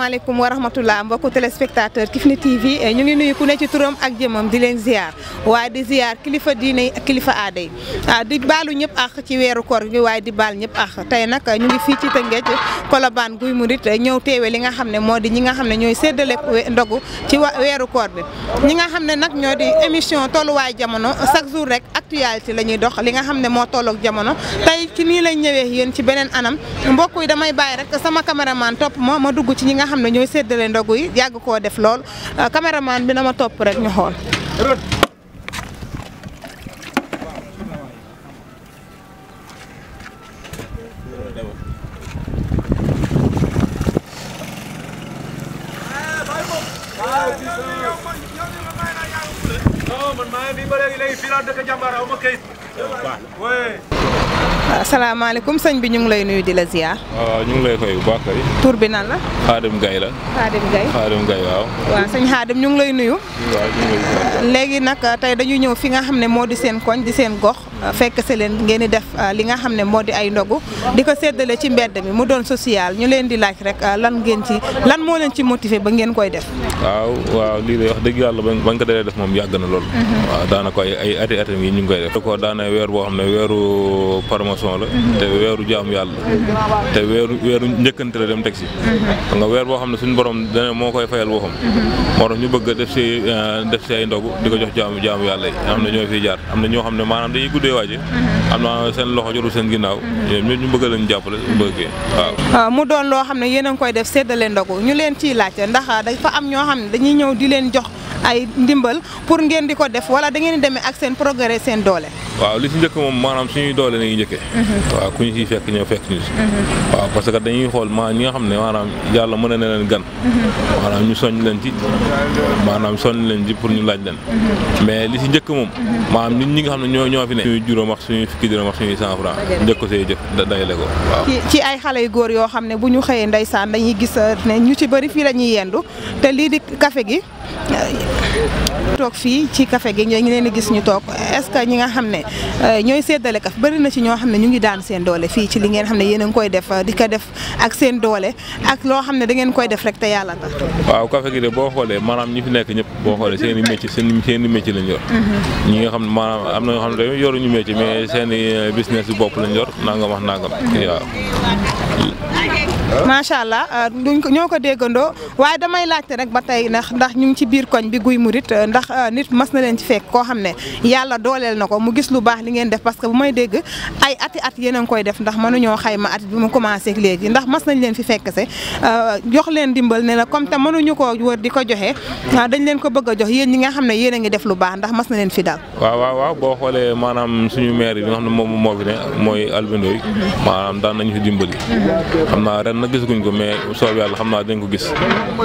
asalaamaaleykum wa rahmatullah mbokku téléspectateur Kifne TV eh, ñu ngi nuyu ku ne ci turam ak jëmam di leen ziar waaye di ziar kilifa diine kilifa aada yi ah, di baalu ñëpp ak ci weeru koor gi waaye di baal ñëpp tey nag ñu ngi fii ci Tëngéej Colobane Guy Murit eh, ñëw teewe li nga xam ne moo di ñi nga xam ne ñooy séddale ndogu ci weeru koor bi ñi nga xam ne nag ñoo di émission tolluwaay jamono chaque jour rek actualité la ñuy dox li nga xam ne moo tollook jamono tey ci nii lañ ñëwee yéen ci beneen anam mbokk damay bàyyi rek sama caméraman topp ma ma dugg ci ñi nga xam ne ñooy séddale ndogu yi yàgg koo def lool euh, cameraman bi na ma topp rek ñu xool. man maa ngi nii ba léegi léegi fii laa dëkk jàmbaar aw ma kayit. asalaamaaleykum sëñ bi ñu ngi lay nuyu di la ziar. waaw ñu ngi lay fay bu baax kay. bi nan la. Xaadim Gaye la. Xaadim Gaye waaw. waaw sëñ Xaadim ñu ngi lay nuyu. léegi nag tey dañu ñëw fi nga xam ne moo di seen koñ di seen gox Euh, fekk si leen ngeen di def euh, li nga xam ne moo di ay ndogu di ko séddale ci mbedd mi mu doon social ñu leen di laaj rek euh, lan ngeen ci lan moo leen ci motivé ba ngeen koy def. waaw waaw lii de wax dëgg yàlla ba nga ko dalee def moom yàgg na lool. Mhm. waaw daanaka ay ati ati ñu ngi koy def. ko daana weer boo xam ne weeru promotion la. Mhm. te weeru jaamu yàlla. Mhm. te weeru weeru njëkkante la dem teg si. nga weer boo xam ne suñ borom dana moo koy fayal boo xam. moo tax ñu bëgg def si def si ay ndogu di ko jox jaamu yàlla yi am na ñoo fiy jaar am na ñoo gisee waa ji mhm. am na seen loxo jotul seen ginnaaw mhm. ñu bëgg leen jàppale bëggee waaw ah, ñu leen ciy laajte ndax dafa am ñoo xam ne dañuy ñëw di leen jox ay ndimbal pour ngeen di ko def wala da ngeen di demee ak seen progrès seen doole waaw li si njëkk moom maanaam suñuy doole la ñuy njëkkee mhm. waaw ku ñu siy fekk ñu ma ñi nga xam ne maanaam yàlla mën na leen gan maanaam ñu soñ leen ci maanaam fi ne juróom ak suñuy fukki dërëm ak suñuy cent njëkk ko see jëf dajale ko waaw ci ay xale yu góor yoo xam ne bu ñu xëyee ndeysaan dañuy gis euh, ne ñu ci bëri fii la ñuy yendu te lii di kafe gi toog fii ci café gi ñoo ngi leen gis ñu toog est-ce que ñi nga xam ne euh, ñooy séddale kaf bari na ci ñoo xam ne ñu ngi daan seen doole fii ci li ngeen xam ne yéen a ngi koy def euh, di ko def ak seen doole ak loo xam ne da ngeen koy def rek te yàlla tax. waaw café gi de boo xoolee maanaam ñi fi nekk ñëpp boo xoolee seen i métier seen seen i métier lañ yor. Mm-hmm. ñi nga xam ne maanaam am na ñoo xam ne yoruñu métier mais seen i business bu bopp lañ yor nangam wax nangam mm-hmm. waaw. macha allah euh, duñ ñoo ko déggandoo waaye damay laajte rek ba tey ndax ndax ñu ngi ci biir koñ bi Guy Mouride euh, ndax euh, nit mas na leen ci fekk koo xam ne yàlla dooleel na ko mu gis lu baax li ngeen def parce que bu dégg ay at yéen a ngi koy def ndax mënuñoo xayma at bi mu commencé ak léegi ndax mas nañ leen fi fekk se jox leen dimbal ne la comme te mënuñu koo wër di ko joxe ah, dañ leen ko bëgg a jox yéen ñi nga xam ne yéen a ngi def lu baax ndax mas na leen fi daal. waaw waaw waaw boo xoolee maanaam suñu maire bi nga xam ne moom moo fi ne mooy Albindooy mhm. maanaam daan nañu fi dimbali mhm. nag gisaguñ ko mais soob yàlla xam naa dañ ko gis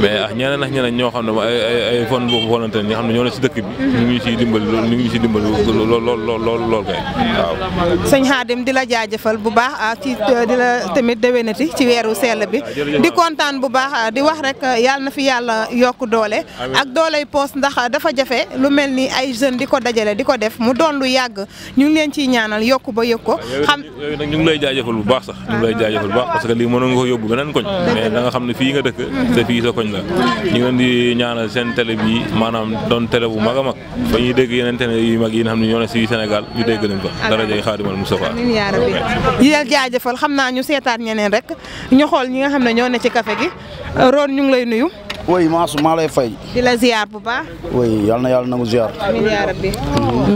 mais ah ñeneen ak ñeneen ñoo xam ne ay ay fon boobu volonté ñi xam ne ñoo ne si dëkk bi ñu ngi siy dimbali ñu ngi siy dimbali lool lool lool kay waaw sëñ Xaadim di la jaajëfal bu baax ah, ci euh, di la tamit déwénati ci weeru sell bi ah, di kontaan bu baax ah, di wax rek yàlla na fi yàlla yokk doole ak dooley poos ndax dafa jafe lu mel ni ay jeunes di ko dajale di ko def mu doon lu yàgg ñu ngi leen ciy ñaanal sax ñu lay jaajëfal bu baax parce que lii mënoon nga ko yóbbu yóbbu beneen koñ ah. mais da xam ne fii nga dëkk mm-hmm. te fii sa koñ la ñu ngi leen seen télé bi maanaam doon tele bu mag a mag ba ñuy dégg yeneen télé yu mag yi nga xam ne ñoo ne si Sénégal ñu dégg leen ko dara jay xaadimal Moustapha yi yal jaajëfal xam naa ñu seetaan ñeneen rek ñu xool ñi nga xam ne ñoo ne ci café gi roon ñu ngi lay nuyu oui maa su maa lay fay. di la ziar bu baax. oui yal na yàlla nangu ziar. bi.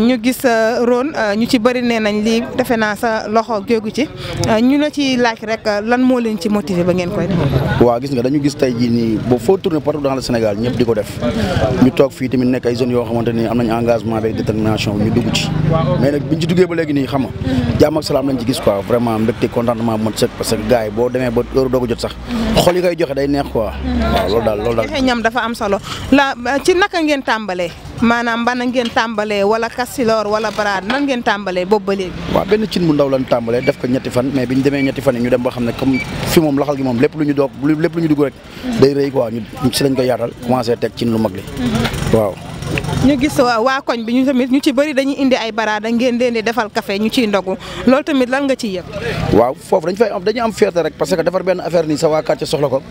ñu gis euh, ron euh, ñu ci bëri nee nañ lii defe naa sa loxo jógu ci euh, ñu ne ci laaj rek lan moo leen ci motiver ba ngeen koy def. waaw gis nga dañu gis tey jii nii ba foo tourner partout dans ñëpp di ko def ñu toog fii tamit nekk ay zones yoo xamante ni am nañ engagement avec détermination ñu dugg ci mais nag biñ ci duggee ba léegi nii xam nga jàmm ak salaam lañ ci gis quoi vraiment mbégte contentement bu mot parce que gars yi boo demee ba heure doogu jot sax xol yi koy joxe day neex quoi loolu daal loolu daal dafa am solo la ci naka ngeen tàmbalee maanaam bana ngeen tàmbalee wala kastiloor wala baraad nan ngeen tàmbalee boobu ba léegi waaw benn cin bu ndaw lan tàmbalee def ko ñetti fan mais bi ñu demee ñetti fan yi ñu dem ba xam ne comme fi moom laxal gi moom lépp lu ñu doog lépp lu ñu dugg rek day rëy quoi ñu si lañ ko yaatal commencé teg cin lu mag li mm-hmm. waaw ñu gis waa koñ bi ñu tamit ñu ci bëri dañuy indi ay baraada ngeen leen di defal kafe ñu ciy ndogu loolu tamit lan nga ciy yëg waaw foofu dañ fay am dañu am fierté rek parce que defar benn affaire nii sa waa quartier soxla ko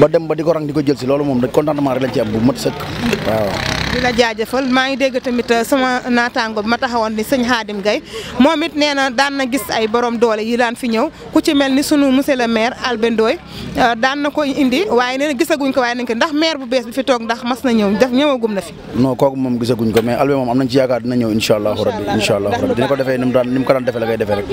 ba dem ba di ko rang di ko jël si loolu moom da contentement rek lañ ci am bu mat sëkk la jaajëfal maa ngi dégg tamit uh, sama naataango bi ma taxawoon ni sëñ Xaadim gay moom it nee na daan na gis ay borom doole yi daan fi ñëw ku ci mel ni sunu monsieur le maire Albendooy uh, daan na ko indi waaye nee na gisaguñ ko waaye ndax maire bu bees bi toog ndax mas na ñëw daf ñëwagum na fi non kooku moom gisaguñ ko mais Albé yaakaar dina ñëw insha allahu defee ni mu daan daan defee la koy defee rek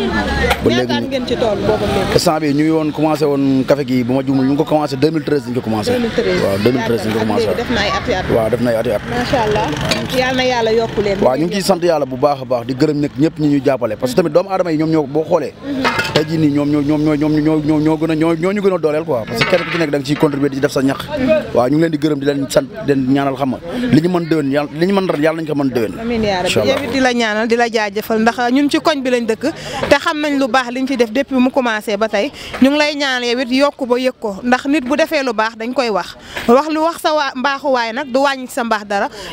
ba léegi ngeen woon commencé woon kafe gi bu ma juumul ñu ko commencé 2013 ñu ko commencé waaw 2013 ñu ko commencé waaw def na ay at macha allah yal sant yàlla bu baax a baax di gërëm nag ñëpp ñu jàppale parce que tamit doomu aadama yi ñoom ñoo boo xoolee mm-hmm. tey jii nii ñoom ñoo ñoom ñoo a a dooleel quoi parce que kenn ku ci nekk da nga ciy di def sa ñax waaw ñu leen di gërëm di leen sant di ñaanal xam li ñu mën déwén yàlla di la ñaanal di la jaajëfal ndax ñun ci koñ bi lañ dëkk te xam nañ lu baax liñ fi def depuis mu commencé ba tey ñu lay ñaanal yow it yokku yëg ko ndax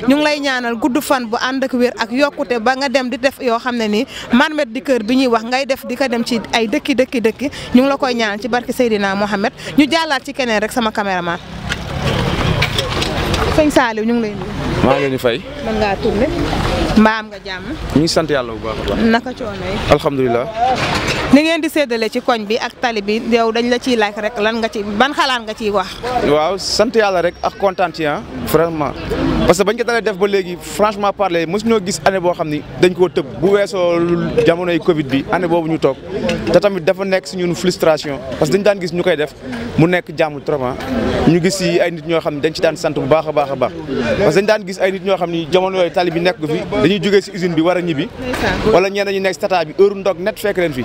ñu ngi lay ñaanal gudd fan bu ànd ak wér ak yokkute ba nga dem di def yoo xam ne nii Marmite di kër bi ñuy wax ngay def di ko dem ci ay dëkki dëkki dëkki ñu ngi la koy ñaanal ci barke Seydina Mohamed ñu jàllaat ci keneen rek sama caméraman. sëñ Saliou ñu ngi lay nuyu. maa ngi leen fay. mën ngaa tourné. mbaa nga jàmm. ñu ngi sant yàlla bu baax a naka coono yi. alhamdulilah. ni ngeen di séddale ci koñ bi ak tali bi yow dañ la ciy laaj rek lan nga ci ban xalaat nga ciy wax. waaw sant yàlla rek ak kontaan ci ah parce que bañ ko def ba léegi franchement parler mos ñoo année boo xam ni dañ koo tëb bu weesoo jamonoy Covid bi année boobu ñu toog te tamit dafa nekk si ñun frustration parce que dañ daan gis ñu koy def mu nekk jàmm trop ah. ñu gis si ay ñoo xam ne dañ ci daan sant bu baax baax a baax parce que dañ daan gis ay nit ñoo xam ni jamono yooyu tali bi nekk fi dañuy jógee si usine bi war a ñibbi wala ñenn ñi nekk si tata bi heure ndog net fekk leen fi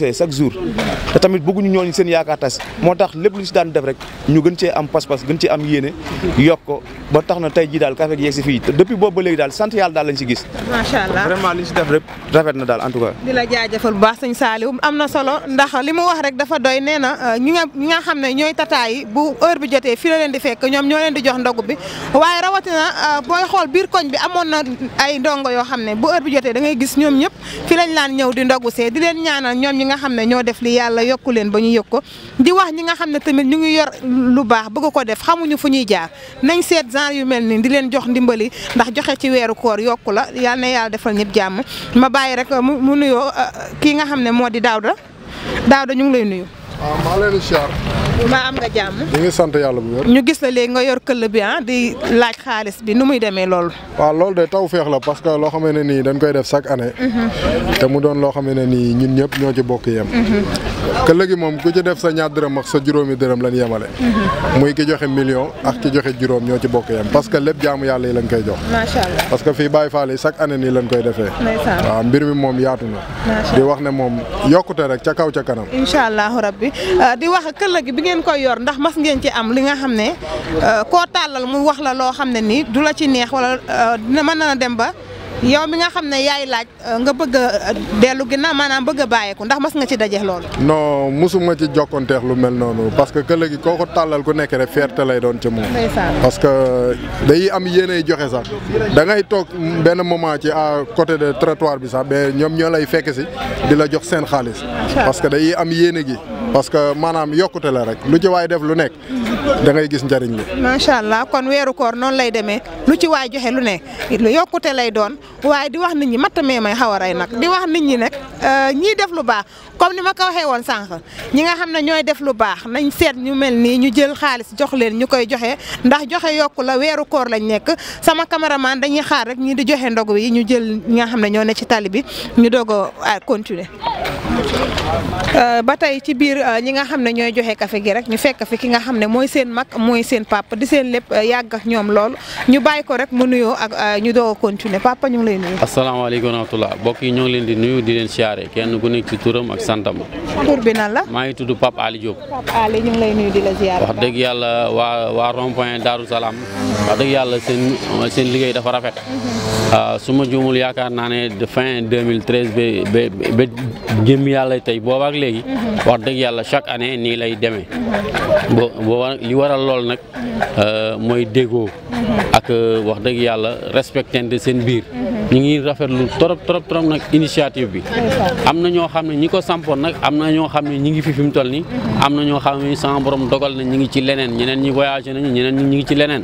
négocier chaque jour te tamit bëgguñu ñooñu seen yaakaar tas moo tax lépp lu si daan def rek ñu gën cee am pas gën cee am yéene yokk ba tax na tey jii daal café gi yegg si fii depuis boobu léegi daal sant daal lañ si gis. macha allah vraiment solo ndax li wax rek dafa doy nee na euh, nga xam ne ñooy tata bu heure bi jotee fii la leen di fekk ñoom ñoo leen di jox ndogu bi waaye rawatina euh, booy xool biir koñ bi amoon na ay ndongo yoo xam ne bu heure bi jotee da ngay gis ñoom ñëpp fi lañ laan ñëw di ndogu see di leen ñi nga xam ne ñoo def li yàlla yokku leen ba ñu yëg ko di wax ñi nga xam ne tamit ñu ngi yor lu baax bëgg ko def xamuñu fu ñuy jaar nañ seet genre yu mel nii di leen jox ndimbali ndax joxe ci weeru koor yokku la yal na yàlla defal ñëpp jàmm ma bàyyi rek mu nuyoo euh, kii nga xam ne moo di Daouda Daouda ñu ngi lay nuyu. Ah, mbaa am nga jàmm. ñu ngi sant yàlla bu wér. ñu gis la léegi nga yor këll bi ah di laaj xaalis bi nu muy demee loolu. waaw loolu de taw feex la parce que loo xam ne nii dañ koy def chaque année. Mhm. te mu doon loo xam ne nii ñun ñëpp ñoo ci bokk yem. Mhm. këll gi moom ku ci def sa ñaar dërëm ak sa juróomi dërëm lañ yemale. Mhm. muy ki joxe million ak ki joxe juróom ñoo ci bokk yem parce que lépp jaamu yàlla yi lañ koy jox. macha allah parce que fii Baye Fall yi chaque année nii lañ koy defee. waaw mbir mi moom yaatu na. di wax ne moom yokkute rek ca kaw ca kanam. incha allahu rabbi ah, di wax këll gi ngeen koy yor ndax mas ngeen ci am li nga xam ne euh, koo tàllal mu wax la loo xam ne nii du la ci neex wala euh, dina mën na dem ba yow mi nga xam ne yaay laaj euh, nga bëgg a dellu ginnaaw maanaam bëgg a bàyyeeku ndax mas nga ci daje loolu. non mosuma ci jokkonteex lu mel noonu parce que kële gi koo ko tàllal ku nekk rek fierté lay doon ci moom. parce que day am yéenay joxe sax da ngay toog benn moment ci à côté de trottoir bi sax mais ñoom ñoo lay fekk si di la jox seen xaalis. parce que day am yéene gi. parce que maanaam yokkute la rek lu ji waay def lu nekk da ngay gis njëriñ li. macha allah kon weeru koor noonu lay demee lu ci waay joxe lu nekk lu yokkute lay doon waaye di wax nit ñi matt mee may xaw a rey nag di wax nit ñi nag euh, ñiy def lu baax comme ni ma ko waxee woon sànq ñi nga xam ne ñooy def lu baax nañ seet ñu mel nii ñu jël xaalis jox leen ñu koy joxe ndax joxe yokku la weeru koor lañ nekk sama cameraman dañuy xaar rek ñi di joxe ndogu yi ñu jël nga xam ne ñoo ne ci tali bi ñu doog a euh, Euh, ba tey ci bir euh, ñi nga xamne ñoy joxe café gi rek ñu fekk fi ki nga xamne moy seen mak moy seen papa di seen lepp euh, yag ak ñom lool ñu bayiko rek mu nuyo ak ñu do continuer papa ñu ngi lay nuyu. alaykum wa rahmatullah mbokk yi ñoo ngi leen di nuyu di leen siyaare kenn ku nekk ci touram ak santam. tur bi nan la. ma ngi tuddu papa Ali Diop. Papa Ali ñu ngi lay nuyu di la siyaare. wax deug yalla wa wa rond-point Darou salam wax deug yalla seen seen liggey dafa rafet. Mhm. Ah, suma ma yaakar naane de fin 2013 be be gemi yàlla tey boobaak léegi mhm. wax dëgg yàlla chaque année nii lay demee mhm. bo booba li waral lool nag euh, mooy déggoo mhm. ak euh, wax dëgg yàlla de seen biir ñu ngi rafetlu trop trop trop nag initiative bi am na ñoo xam ne ñi ko sampoon nag am na ñoo xam ne ñi ngi fi fi mu toll nii am na ñoo xam ne sama borom dogal na ñi ngi ci leneen ñeneen ñi voyagé nañu ñeneen ñi ngi ci leneen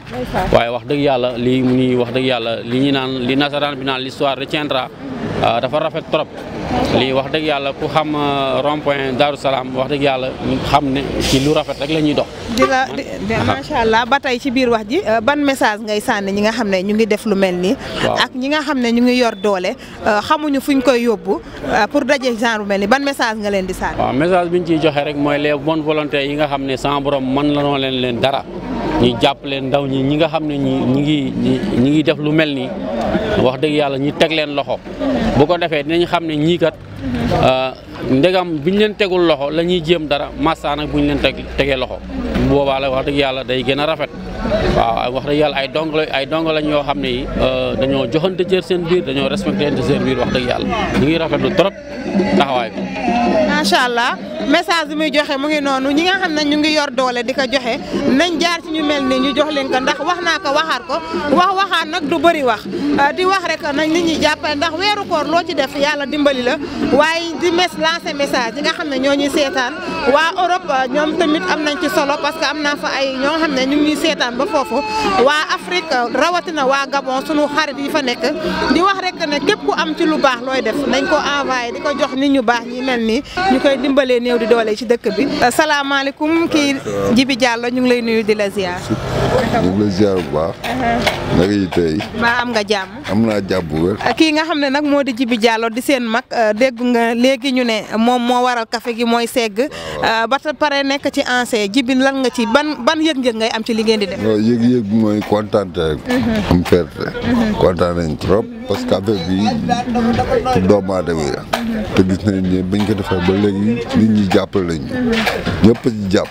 waaye wax dëgg yàlla li nasaraan bi naan l'histoire retiendra Euh, dafa rafet trop lii wax dëgg yàlla ku xam euh, rond point Darou Salaam wax dëgg yàlla xam ne si lu rafet rek la ñuy dox. di la ah. macha allah ba tey ci biir wax ji euh, ban message ngay sànni ñi nga xam ne ñu ngi def lu mel nii. ak ñi nga xam ne ñu ngi yor doole xamuñu fu ñu koy yóbbu pour daje genre mel nii ban message nga leen di sànni. message bi ñu ciy joxe rek mooy les bon volontés yi nga xam ne sans borom mën la noo leen leen dara. ñu leen ndaw ñi ñi nga xam ne ñi ñi ngi ñi ngi def lu mel nii wax dëgg yàlla ñi teg leen loxo bu ko defee dinañ xam ne ñii kat euh, ndegam bu ñu leen tegul loxo la ñuy jéem dara massa nag bu ñu leen teg tegee loxo bu wax dëgg yàlla day gën a rafet waaw wax dëgg yàlla ay dong ay dong lañ yoo xam ne yi euh, dañoo joxante cër seen biir dañoo respecté seen biir wax dëgg yàlla ñu ngi rafetlu trop taxawaay bi. macha allah message bi muy joxe mu ngi noonu ñi nga xam ne ñu ngi yor doole di ko joxe nañ jaar ci ñu mel nii ñu jox leen ko ndax wax naa ko waxaat ko wax waxaat nag du bari wax euh, di wax rek nañ nit ñi jàppale ndax weeru koor loo ci def yàlla dimbali la waaye di mes lancer message yi nga xam ne ñoo ñuy seetaan waa Europe euh, ñoom tamit am nañ ci solo parce que am naa fa ay ñoo xam ne ñu ngi seetaan ba foofu waa Afrique rawatina waa Gabon sunu xarit yi fa nekk di wax rek ne képp ku am ci lu baax looy def nañ ko envoyé di ko jox nit ñu baax ñi mel nii ñu koy dimbalee néew di doole ci dëkk bi. salaamaaleykum kii Jibi Diallo ñu ngi lay nuyu di la ziar. ñu ngi lay bu baax. Uh-huh. naka yi tey. mbaa am nga jàmm. am naa jàmm bu wér. Uh, nga xam ne nag moo di Jibi Diallo di seen mag uh, dégg nga léegi ñu ne moom moo waral kafe gi mooy segg uh, ba pare nekk ci anse Jibi lan nga ci ban ban yëg-yëg ngay am ci li ngeen di def. yëg-yëg mooy kontaan uh-huh. am ferte. Uh-huh. kontaan nañ trop. parce que affaire bi ci doomu aadama te gis nañ ne bañ ko defee ba léegi nit ñi jàppale le ñëpp ci jàpp.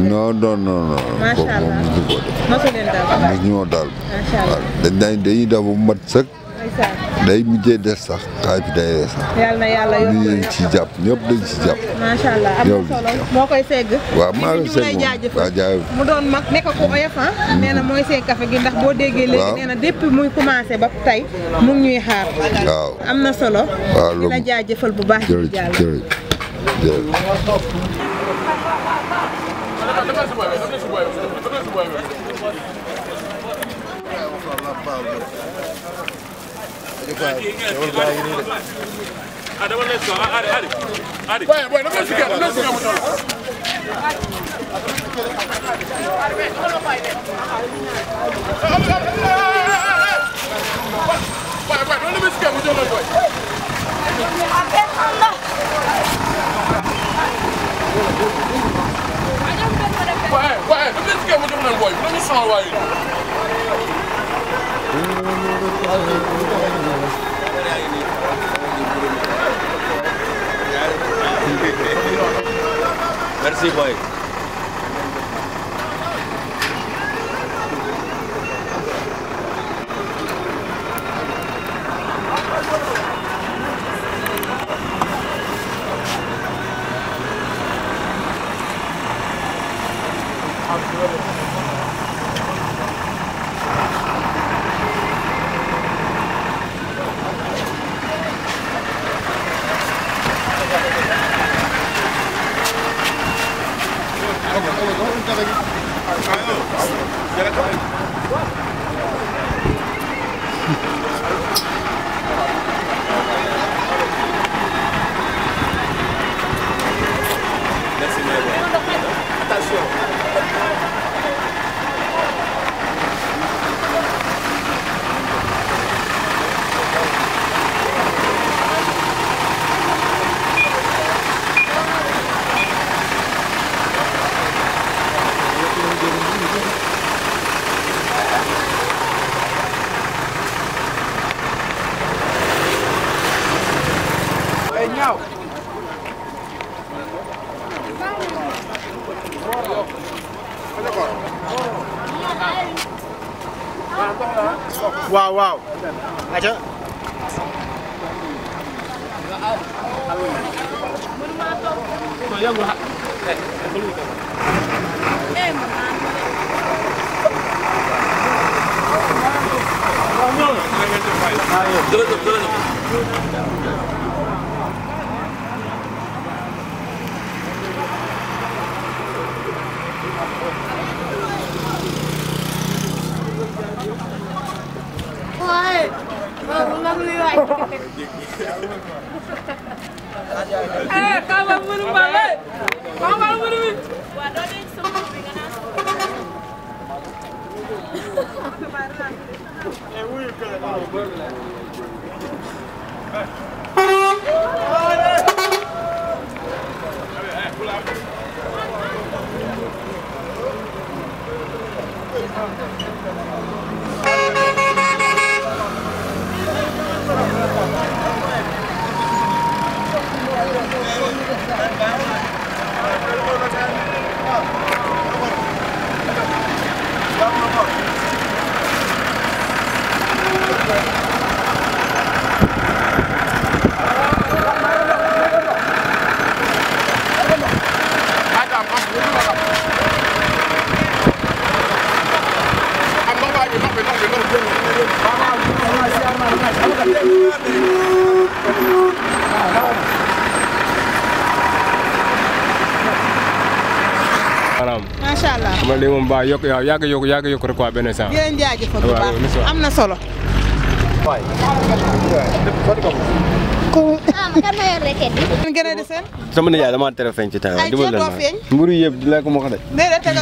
non non non non. macha allah kooku moom mosu leen daal waaw mosu ñoo daal. macha allah dañ dañ dañuy daal bu mat sëkk. day mujjee des sax xaaj bi day des sax. yal na yàlla yokk ñu ci jàpp ñëpp dañ ci jàpp. macha allah am na solo moo koy segg. waaw maa ngi segg moom jaajëf mu doon mag nekk ko oyof ah. Mm-hmm. nee na mooy segg café gi ndax boo déggee. waaw léegi nee na depuis muy commencé ba tey mu ngi ñuy xaar. waaw am na solo. waaw loolu dina jaajëfal bu baax. jërëjëf jërëjëf jërëjëf. I don't want to to go. Wait, wait, wow, wow. Ayo. Eh, eh, Ayo. はいまあそんなのでないああ、かわむるまい waaw yokk waaw yàgg yokk yàgg yokk rek quoi benn sens. am na solo. waay. ko. ah ma kan a di seen. sama nijaay damaa tere feeñ ci taxawaay. ay ceeb doo feeñ mburu yëpp di lekk moo de.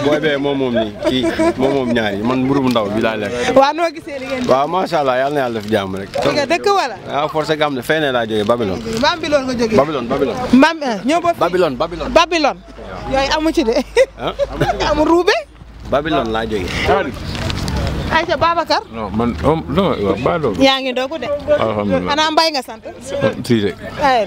booy bee moom moom nii mburu bu ndaw bi lekk. waaw noo allah yal na yàlla def jàmm rek. fi wala. Ah, force gam ne feneen laa jógee Babylone. Babylone nga jógee. Babylone Babylone. Mam eh, ñoo ba. Babylone Babylone. Babylone. yooyu amu ci Babylon Live ayca Babacar. non yaa ngi dogu de. alhamdulilah xanaa Mbaye nga sant. Cissé.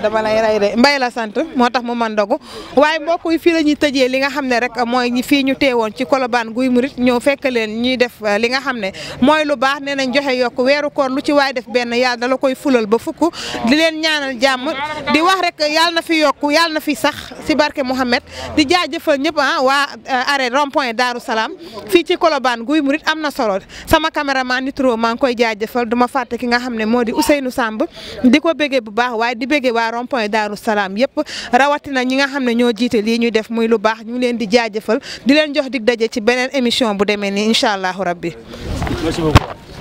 dama lay rey de la sant moo tax mu man dogu waaye mbokk yi fii la ñuy tëjee li nga xam ne rek mooy fii ñu teewoon ci Colobane Guy Murit ñëw fekk leen ñuy def euh, li nga xam ne mooy lu baax nee nañ joxe yokk weeru koor lu ci waaye def benn yàlla dala koy fulal ba fukk di leen ñaanal jàmm di wax rek yàlla na fi yokk yàlla na fi sax si barke Mouhamed di jaajëfal ñëpp ah waa euh, arrêt rond point Darou Salaam fii ci Colobane Guy Murit am na solo sama caméraman Nitro maa ngi koy jaajëfal duma ma fàtte ki nga xam ne moo di Ousseynou Samb di ko béggee bu baax waaye di béggee waa rond point Daaru yëpp rawatina ñi nga xam ne ñoo jiite lii ñuy def muy lu baax ñu ngi leen di jaajëfal di leen jox di daje ci beneen émission bu demee nii incha allahu rabbi merci